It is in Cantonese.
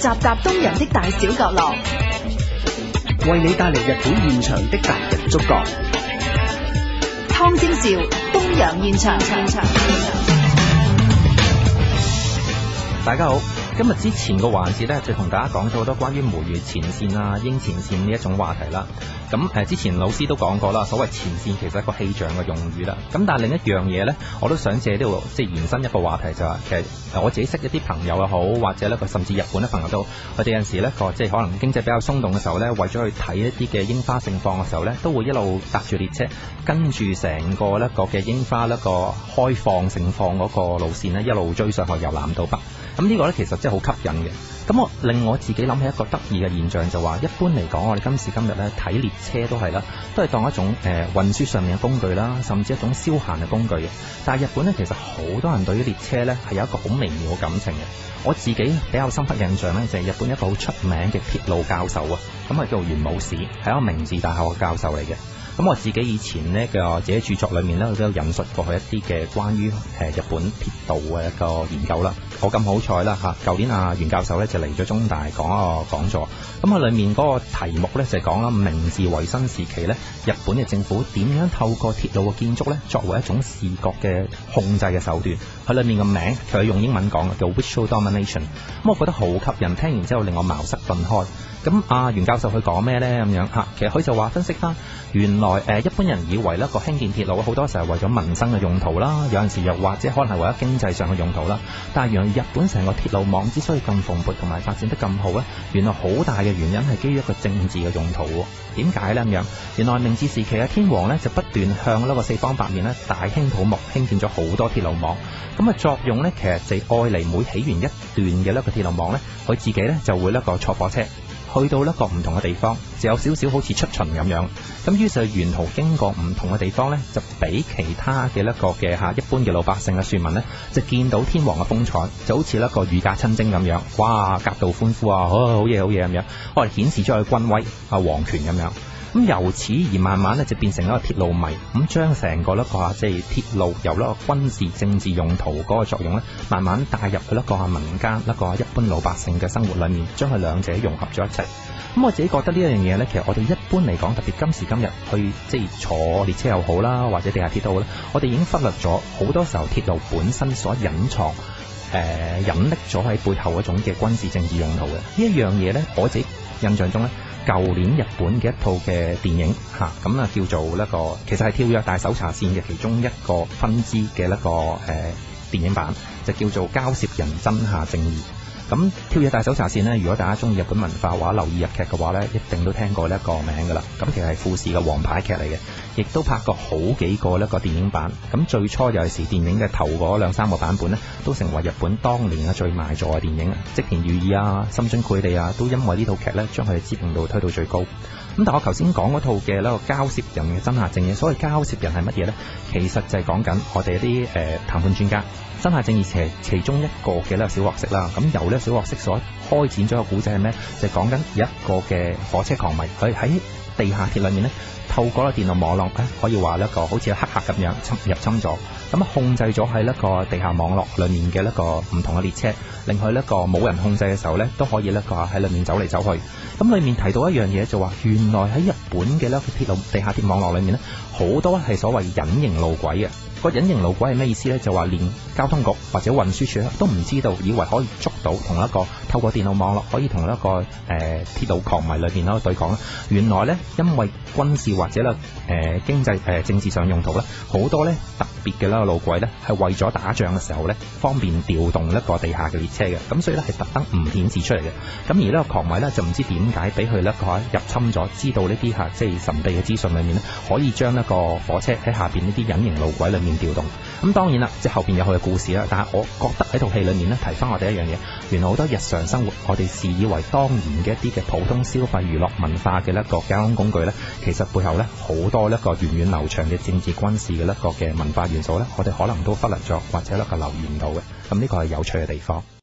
集集東洋的大小角落，為你帶嚟日本現場的大人觸覺。湯禎兆，東洋現場。場場場，大家好。今日之前個環節咧，就同大家講咗好多關於梅雨前線啊、櫻前線呢一種話題啦。咁誒，之前老師都講過啦，所謂前線其實係一個氣象嘅用語啦。咁但係另一樣嘢咧，我都想借呢度即係延伸一個話題，就係，就係其實我自己識一啲朋友又好，或者咧佢甚至日本嘅朋友都，佢哋有陣時咧個即係可能經濟比較鬆動嘅時候咧，為咗去睇一啲嘅櫻花盛況嘅時候咧，都會一路搭住列車跟住成個呢個嘅櫻花呢個開放盛況嗰個路線咧，一路追上去由南到北。咁呢個咧其實真係好吸引嘅。咁我令我自己諗起一個得意嘅現象就話，是，一般嚟講我哋今時今日咧睇列車都係啦，都係當一種、呃、運輸上面嘅工具啦，甚至一種消閒嘅工具嘅。但日本咧其實好多人對於列車咧係有一個好微妙嘅感情嘅。我自己比較深刻印象咧就係，是，日本一個好出名嘅鐵路教授啊，咁啊叫原武史，係一個明治大學嘅教授嚟嘅。咁我自己以前呢，嘅自己著作裏面呢，我都引述過一啲嘅關於誒日本鐵道嘅一個研究啦。我咁好彩啦吓，舊年阿袁教授呢就嚟咗中大講一個講座。咁啊，裏面嗰個題目呢，就係講啦，明治維新時期呢，日本嘅政府點樣透過鐵路嘅建築呢作為一種視覺嘅控制嘅手段。佢裏面嘅名佢用英文講嘅叫 visual domination。咁我覺得好吸引，聽完之後令我茅塞頓開。咁阿袁教授佢講咩呢？咁樣吓？其實佢就話分析翻原。原來誒，一般人以為呢個興建鐵路好多時候係為咗民生嘅用途啦，有陣時又或者可能係為咗經濟上嘅用途啦。但係原來日本成個鐵路網之所以咁蓬勃同埋發展得咁好咧，原來好大嘅原因係基於一個政治嘅用途。點解咧咁樣？原來明治時期嘅天皇咧就不斷向呢個四方八面咧大興土木，興建咗好多鐵路網。咁啊，作用咧，其實就係愛嚟每起完一段嘅呢個鐵路網咧，佢自己咧就會呢個坐火車去到呢個唔同嘅地方。就有少少好似出巡咁樣，咁於是沿途經過唔同嘅地方咧，就俾其他嘅一個嘅吓一般嘅老百姓嘅庶民咧，就見到天皇嘅風采，就好似一個御駕親征咁樣，哇，夾道歡呼啊、哦，好嘢好嘢咁樣，我哋顯示咗佢軍威啊皇權咁樣，咁由此而慢慢咧就變成一個鐵路迷，咁將成個一個即係鐵路由一個軍事政治用途嗰個作用咧，慢慢帶入去一,一個民間一個一般老百姓嘅生活裏面，將佢兩者融合咗一齊，咁我自己覺得呢一樣嘢。咧，其實我哋一般嚟講，特別今時今日去即係坐列車又好啦，或者地下鐵都好啦，我哋已經忽略咗好多時候鐵路本身所隱藏誒隱匿咗喺背後一種嘅軍事政治用途嘅呢一樣嘢咧。我自己印象中咧，舊年日本嘅一套嘅電影吓咁啊，叫做一個其實係《跳躍大搜查線》嘅其中一個分支嘅一個誒、呃、電影版。叫做交涉人真下正義。咁《跳躍大搜查線》呢，如果大家中意日本文化話，留意日劇嘅話呢一定都聽過呢一個名噶啦。咁其實係富士嘅王牌劇嚟嘅，亦都拍過好幾個呢個電影版。咁最初尤其是電影嘅頭嗰兩三個版本呢，都成為日本當年嘅最賣座嘅電影。織田裕二啊、深津繪里啊，都因為呢套劇呢，將佢哋知名度推到最高。咁但我頭先講嗰套嘅呢、呢個交涉人嘅真下正義，所謂交涉人係乜嘢呢？其實就係講緊我哋啲誒談判專家、真下正義其中一個嘅呢個小角色啦，咁由呢個小角色所開展咗個古仔係咩？就講緊有一個嘅火車狂迷，佢喺地下鐵裏面咧，透過個電腦網絡咧，可以話呢個好似黑客咁樣侵入侵咗，咁控制咗喺呢個地下網絡裏面嘅一個唔同嘅列車，令佢呢個冇人控制嘅時候咧，都可以呢個喺裏面走嚟走去。咁裏面提到一樣嘢就話，原來喺日本嘅呢個鐵路地下鐵網絡裏面咧，好多係所謂隱形路軌嘅。個隱形路軌係咩意思咧？就話連交通局或者運輸署都唔知道，以為可以捉到同一個。透過電腦網絡可以同一個誒鐵路狂迷裏邊咧對抗啦。原來咧，因為軍事或者咧誒、呃、經濟誒、呃、政治上用途咧，好多咧特別嘅啦路軌咧係為咗打仗嘅時候咧方便調動一個地下嘅列車嘅。咁所以咧係特登唔顯示出嚟嘅。咁而呢個狂迷咧就唔知點解俾佢咧個入侵咗，知道呢啲嚇即係神秘嘅資訊裏面咧，可以將一個火車喺下邊呢啲隱形路軌裏面調動。咁當然啦，即係後邊有佢嘅故事啦。但係我覺得喺套戲裏面咧提翻我哋一樣嘢，原來好多日常。生活，我哋視以為當然嘅一啲嘅普通消費、娛樂、文化嘅一個交通工具咧，其實背後咧好多一個源遠流長嘅政治軍事嘅一個嘅文化元素咧，我哋可能都忽略咗或者一個留意到嘅，咁呢個係有趣嘅地方。